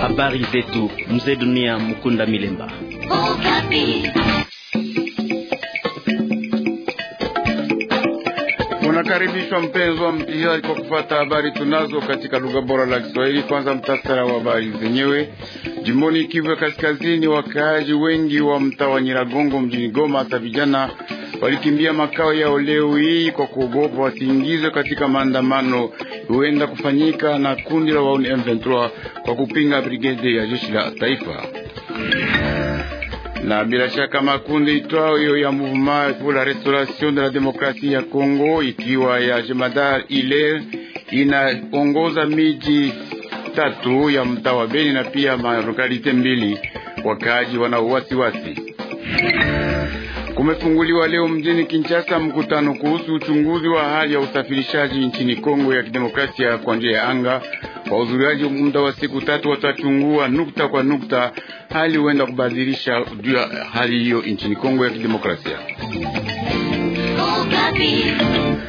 Habari zetu mzee dunia mkunda milemba. Unakaribishwa mpenzi wa mtihani kwa kufuata habari tunazo katika lugha bora la Kiswahili. Kwanza mtasara wa habari zenyewe. Jimboni Kivu ya Kaskazini, wakaaji wengi wa mtaa wa Nyiragongo mjini Goma hata vijana walikimbia makao yao leo hii kwa kuogopa wasiingizwe katika maandamano huenda kufanyika na kundi la wauni M23 kwa kupinga brigade ya jeshi la taifa na bila shaka makundi itwao hiyo ya Mouvement pour la Restauration de la Démocratie ya Congo ikiwa ya Jemadar ile inaongoza miji tatu ya mtaa wa Beni na pia malokalité mbili. Wakaaji wana wasiwasi umefunguliwa leo mjini Kinshasa mkutano kuhusu uchunguzi wa hali ya usafirishaji nchini Kongo ya Kidemokrasia kwa njia ya anga. uzuriaji muda wa siku tatu watachungua nukta kwa nukta hali huenda kubadilisha juu ya hali hiyo nchini Kongo ya Kidemokrasia.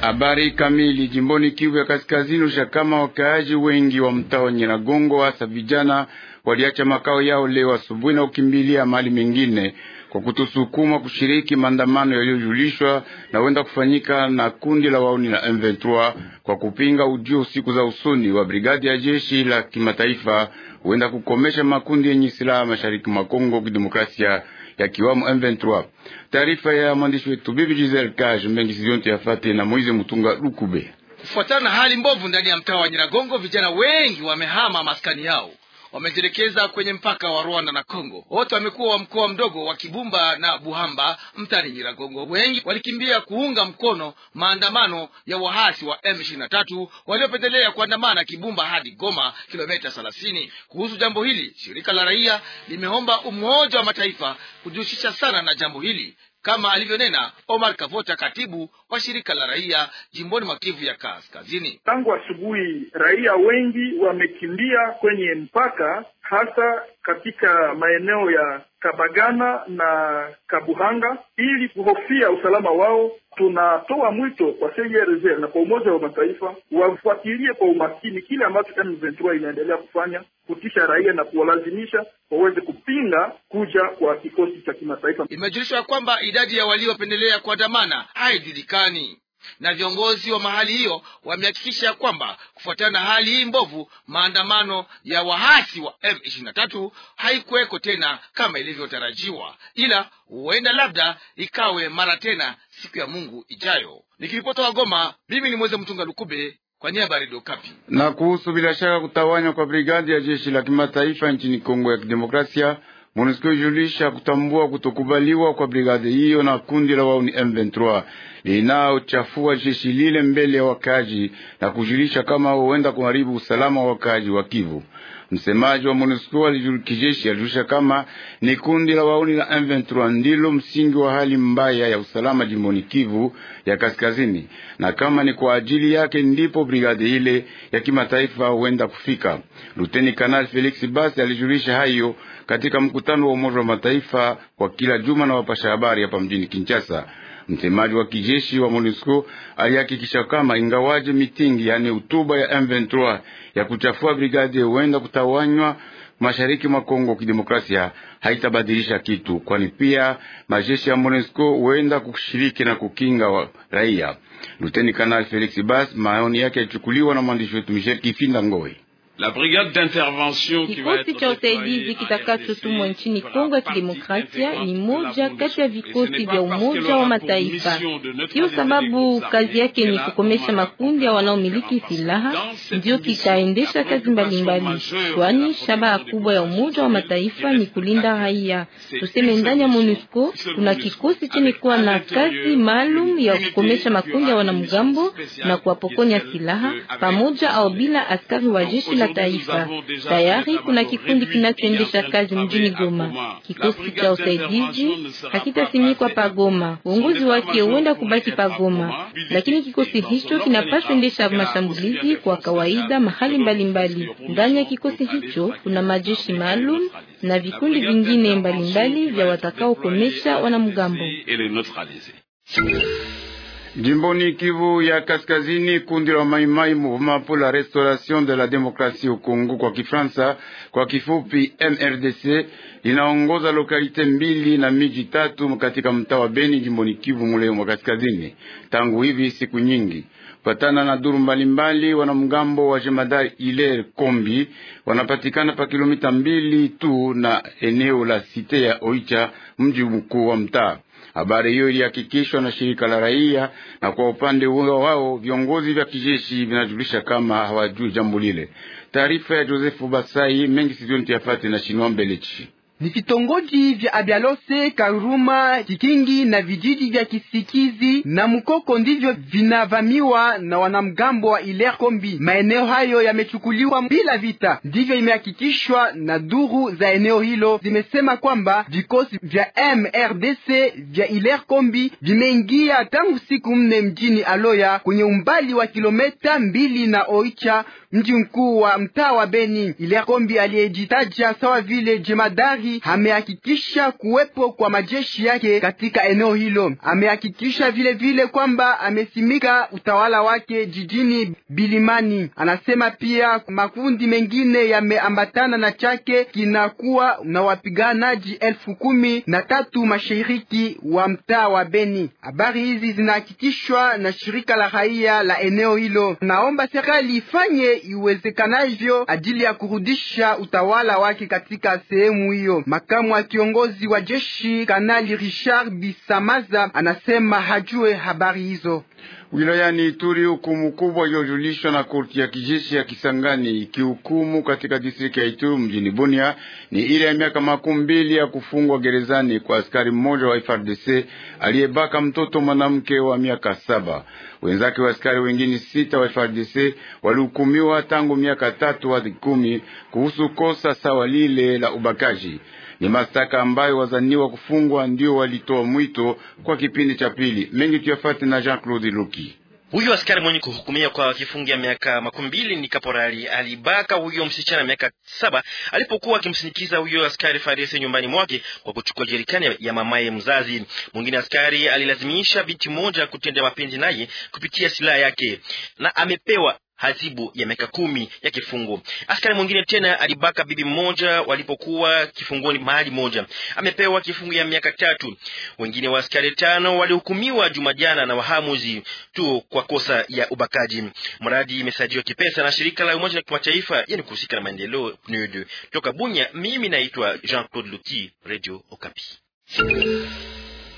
Habari kamili. Jimboni Kivu ya Kaskazini, ushakama wakaaji wengi wa mtaa wa Nyiragongo, hasa vijana, waliacha makao yao leo asubuhi na kukimbilia mali mengine kwa kutusukuma kushiriki maandamano yaliyojulishwa na wenda kufanyika na kundi la wauni la M23 kwa kupinga ujio siku za usoni wa brigadi ya jeshi la kimataifa huenda kukomesha makundi yenye silaha mashariki mwa Kongo kidemokrasia ya kiwamo M23. Taarifa ya mwandishi wetu Bibi Giselle Kaje Mengi Sidionte Yafate na Moise Mutunga Lukube. Kufuatana na hali mbovu ndani ya mtaa wa Nyiragongo, vijana wengi wamehama maskani yao wamejielekeza kwenye mpaka wa Rwanda na Kongo. Wote wamekuwa wa mkoa mdogo wa Kibumba na Buhamba mtani Nyiragongo. Wengi walikimbia kuunga mkono maandamano ya waasi wa M23 waliopendelea kuandamana Kibumba hadi Goma, kilomita 30. Kuhusu jambo hili, shirika la raia limeomba Umoja wa Mataifa kujihusisha sana na jambo hili kama alivyonena Omar Kavota, katibu wa shirika la raia jimboni mwa Kivu ya Kaskazini. Tangu asubuhi raia wengi wamekimbia kwenye mpaka hasa katika maeneo ya Kabagana na Kabuhanga ili kuhofia usalama wao. Tunatoa mwito kwa CIRGL na kwa Umoja wa Mataifa wafuatilie kwa umakini kile ambacho M23 inaendelea kufanya, kutisha raia na kuwalazimisha waweze kupinga kuja kwa kikosi cha kimataifa. Imejulishwa kwamba idadi ya waliopendelea kwa dhamana haijulikani na viongozi wa mahali hiyo wamehakikisha ya kwamba kufuatana na hali hii mbovu, maandamano ya wahasi wa M23 haikuweko tena kama ilivyotarajiwa, ila huenda labda ikawe mara tena siku ya Mungu ijayo. nikiripoto wa Goma, mimi ni Mweze Mtunga Lukube kwa niaba ya Redio Kapi. Na kuhusu bila shaka kutawanywa kwa brigadi ya jeshi la kimataifa nchini Kongo ya Kidemokrasia, MONUSCO ijulisha kutambua kutokubaliwa kwa brigadi hiyo na kundi la wauni M23 linaochafua jeshi lile mbele ya wakaji na kujulisha kama huenda kuharibu usalama wa wakaji wa Kivu. Msemaji wa MONUSCO kijeshi alijulisha kama ni kundi la wauni la M23 ndilo msingi wa hali mbaya ya usalama jimboni Kivu ya kaskazini, na kama ni kwa ajili yake ndipo brigadi ile ya kimataifa huenda kufika. Luteni Kanali Felix Basi alijulisha hayo katika mkutano wa Umoja wa Mataifa kwa kila juma na wapasha habari hapa mjini Kinshasa. Msemaji wa kijeshi wa MONUSCO alihakikisha kama ingawaje mitingi, yani utuba ya M23 ya kuchafua brigade huenda kutawanywa mashariki mwa Kongo kidemokrasia haitabadilisha kitu, kwani pia majeshi ya MONUSCO huenda kushiriki na kukinga wa raia. Luteni Kanali Felix Bas, maoni yake yalichukuliwa na mwandishi wetu Michel Kifinda Ngoi. Kikosi cha usaidizi kitakachotumwa nchini Kongo ya Kidemokrasia ni moja kati ya vikosi vya Umoja wa Mataifa. Hiyo sababu kazi yake ni kukomesha makundi ya wanaomiliki silaha, ndio kitaendesha kazi mbalimbali, kwani shabaha kubwa ya Umoja wa Mataifa ni kulinda raia. Tuseme ndani ya MONUSCO kuna kikosi chenye kuwa na kazi maalum ya kukomesha makundi ya wanamgambo na kuwapokonya silaha pamoja au bila askari wa jeshi la taifa. Tayari kuna kikundi kinachoendesha kazi mjini Goma. Kikosi cha usaidizi hakitasimikwa pa Goma, uongozi wake huenda kubaki pa Goma, lakini kikosi hicho kinapaswa endesha mashambulizi kwa kawaida mahali mbalimbali. Ndani ya kikosi hicho kuna majeshi maalum na vikundi vingine mbalimbali vya watakaokomesha wanamgambo. Jimboni Kivu ya Kaskazini, kundi la Maimai, Mouvement pour la Restauration de la Démocratie au Kongo, kwa Kifransa, kwa kifupi MRDC, linaongoza lokalite mbili na miji tatu katika mtaa wa Beni, jimboni Kivu mule mwa Kaskazini, tangu hivi siku nyingi patana na duru mbalimbali, wanamgambo wa jemadari ile Kombi wanapatikana pa kilomita mbili tu na eneo la site ya Oicha, mji mkuu wa mtaa. Habari hiyo ilihakikishwa na shirika la raia, na kwa upande huo wao viongozi vya kijeshi vinajulisha kama hawajui jambo lile. Taarifa ya Joseph Basai mengi sizioni tuyafate na Shinwa Mbelechi ni vitongoji vya Abyalose, Karuma, kikingi na vijiji vya Kisikizi na Mukoko ndivyo vinavamiwa na wanamgambo wa Iler Kombi. Maeneo hayo yamechukuliwa bila vita, ndivyo imehakikishwa na duru za eneo hilo, zimesema kwamba vikosi vya MRDC vya Iler Kombi vimeingia tangu siku nne mjini Aloya kwenye umbali wa kilometa mbili na Oicha, mji mkuu wa mtaa wa Beni. Iler Kombi aliyejitaja sawa vile jemadari amehakikisha kuwepo kwa majeshi yake katika eneo hilo. Amehakikisha vile vile kwamba amesimika utawala wake jijini Bilimani. Anasema pia makundi mengine yameambatana na chake, kinakuwa na wapiganaji elfu kumi na tatu mashariki wa mtaa wa Beni. Habari hizi zinahakikishwa na shirika la raia la eneo hilo. Naomba serikali ifanye iwezekanavyo ajili ya kurudisha utawala wake katika sehemu hiyo hiyo. Makamu wa kiongozi wa jeshi Kanali Richard Bisamaza anasema hajue habari hizo wilayani Ituri, hukumu kubwa iliyojulishwa na korti ya kijeshi ya Kisangani ikihukumu katika distrikti ya Ituri mjini Bunia ni ile ya miaka makumi mbili ya kufungwa gerezani kwa askari mmoja wa FRDC aliyebaka mtoto mwanamke wa miaka saba. Wenzake wa askari wengine sita wa FRDC walihukumiwa tangu miaka tatu hadi kumi kuhusu kosa sawa lile la ubakaji. Ni mashtaka ambayo wazaniwa kufungwa ndio walitoa mwito kwa kipindi cha pili. Mengi tuyafate na Jean-Claude Luki. Huyu askari mwenye kuhukumia kwa kifungo ya miaka makumi mbili ni kaporali. Alibaka huyo msichana miaka saba alipokuwa akimsindikiza huyo askari farisi nyumbani mwake kwa kuchukua jerikani ya mamaye mzazi. Mwingine askari alilazimisha binti moja kutenda mapenzi naye kupitia silaha yake, na amepewa hazibu ya miaka kumi ya kifungo. Askari mwingine tena alibaka bibi mmoja walipokuwa kifungoni mahali moja, amepewa kifungo ya miaka tatu. Wengine wa askari tano walihukumiwa Jumajana na wahamuzi tu kwa kosa ya ubakaji. Mradi imesajiwa kipesa na shirika la Umoja wa Kimataifa yani kuhusika na maendeleo PNUD. Toka Bunya, mimi naitwa Jean Claude Luki, Radio Okapi.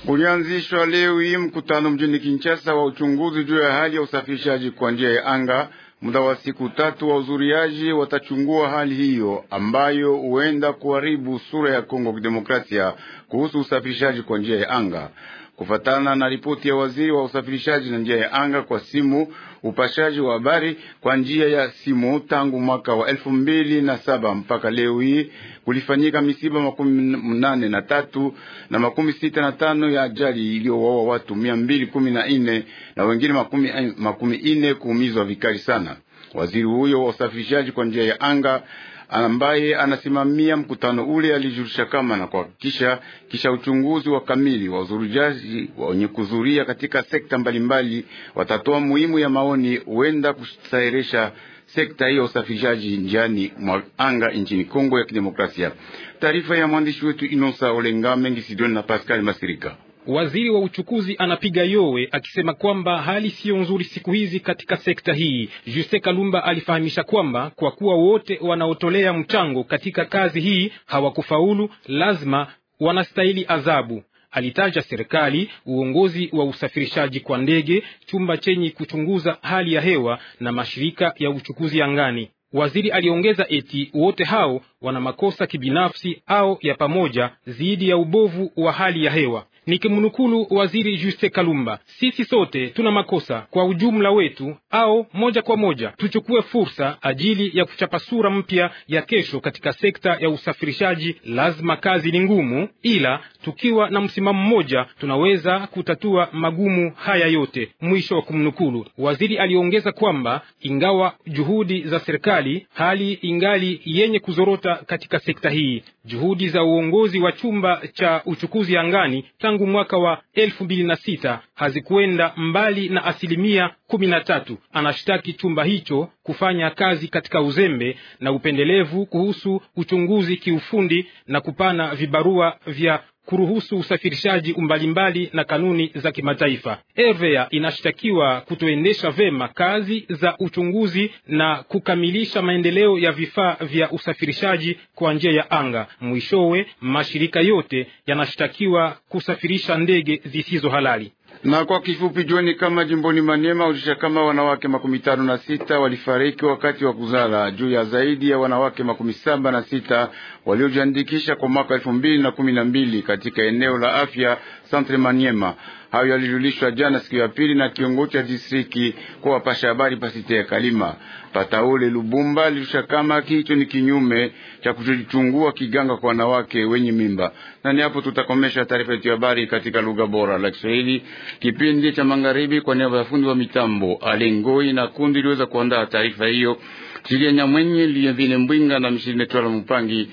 Ulianzishwa leo hii mkutano mjini Kinshasa wa uchunguzi juu ya hali ya usafirishaji kwa njia ya anga Muda wa siku tatu uzuriaji watachungua hali hiyo ambayo huenda kuharibu sura ya Kongo Kidemokrasia kuhusu usafirishaji kwa njia ya anga. Kufatana na ripoti ya waziri wa usafirishaji na njia ya anga kwa simu, upashaji wa habari kwa njia ya simu, tangu mwaka wa elfu mbili na saba mpaka leo hii kulifanyika misiba makumi mnane na tatu na makumi sita na tano ya ajali iliyowaua watu mia mbili kumi na nne na wengine makumi, makumi nne kuumizwa vikali sana. Waziri huyo wa usafirishaji kwa njia ya anga ambaye anasimamia mkutano ule alijulisha kama na kuhakikisha kisha uchunguzi wa kamili wa uzurujaji wenye kuzuria katika sekta mbalimbali watatoa muhimu ya maoni huenda kusaheresha sekta hiyo usafirishaji njiani mwa anga nchini Kongo ya Kidemokrasia. Taarifa ya mwandishi wetu Inosa Olenga Mengi Sidoni na Pascal Masirika. Waziri wa uchukuzi anapiga yowe akisema kwamba hali siyo nzuri siku hizi katika sekta hii. Juse Kalumba alifahamisha kwamba kwa kuwa wote wanaotolea mchango katika kazi hii hawakufaulu, lazima wanastahili adhabu. Alitaja serikali, uongozi wa usafirishaji kwa ndege, chumba chenye kuchunguza hali ya hewa na mashirika ya uchukuzi angani. Waziri aliongeza eti wote hao wana makosa kibinafsi au ya pamoja dhidi ya ubovu wa hali ya hewa nikimnukulu waziri Juste Kalumba, sisi sote tuna makosa kwa ujumla wetu au moja kwa moja. Tuchukue fursa ajili ya kuchapa sura mpya ya kesho katika sekta ya usafirishaji. Lazima kazi ni ngumu, ila tukiwa na msimamo mmoja tunaweza kutatua magumu haya yote. Mwisho wa kumnukulu waziri. Aliongeza kwamba ingawa juhudi za serikali, hali ingali yenye kuzorota katika sekta hii. Juhudi za uongozi wa chumba cha uchukuzi angani tangu tangu mwaka wa elfu mbili na sita hazikwenda mbali na asilimia kumi na tatu. Anashtaki chumba hicho kufanya kazi katika uzembe na upendelevu kuhusu uchunguzi kiufundi na kupana vibarua vya kuruhusu usafirishaji mbalimbali na kanuni za kimataifa. Ervea inashtakiwa kutoendesha vema kazi za uchunguzi na kukamilisha maendeleo ya vifaa vya usafirishaji kwa njia ya anga. Mwishowe, mashirika yote yanashtakiwa kusafirisha ndege zisizo halali. Na kwa kifupi joni kama jimboni Manema ulisha kama wanawake makumi tano na sita walifariki wakati wa kuzala juu ya zaidi ya wanawake makumi saba na sita waliojiandikisha kwa mwaka elfu mbili na kumi na mbili katika eneo la afya Centre Manema. Hayo yalijulishwa jana siku ya pili na kiongozi cha distriki kwa wapasha habari pasite ya Kalima Pataule Lubumba lilisha kama kicho ni kinyume cha kuchuchungua kiganga kwa wanawake wenye mimba. Na ni hapo tutakomesha taarifa yetu ya habari katika lugha bora la Kiswahili, kipindi cha magharibi, kwa niaba ya fundi wa mitambo Alengoi na kundi liweza kuandaa taarifa hiyo Chilia Nyamwenye Liyevine Mbwinga na Mshirine Mupangi.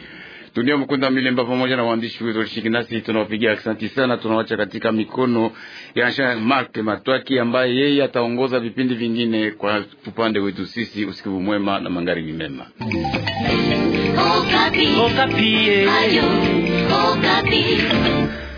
Dunia Mkunda Milemba pamoja na waandishi wetu walishiriki nasi, tunawapigia asanti sana. Tunawacha katika mikono ya Jean Marc Matwaki ambaye yeye ataongoza vipindi vingine kwa upande wetu sisi. Usiku mwema na mangari mema. Okapi. Okapi. Ayo. Okapi.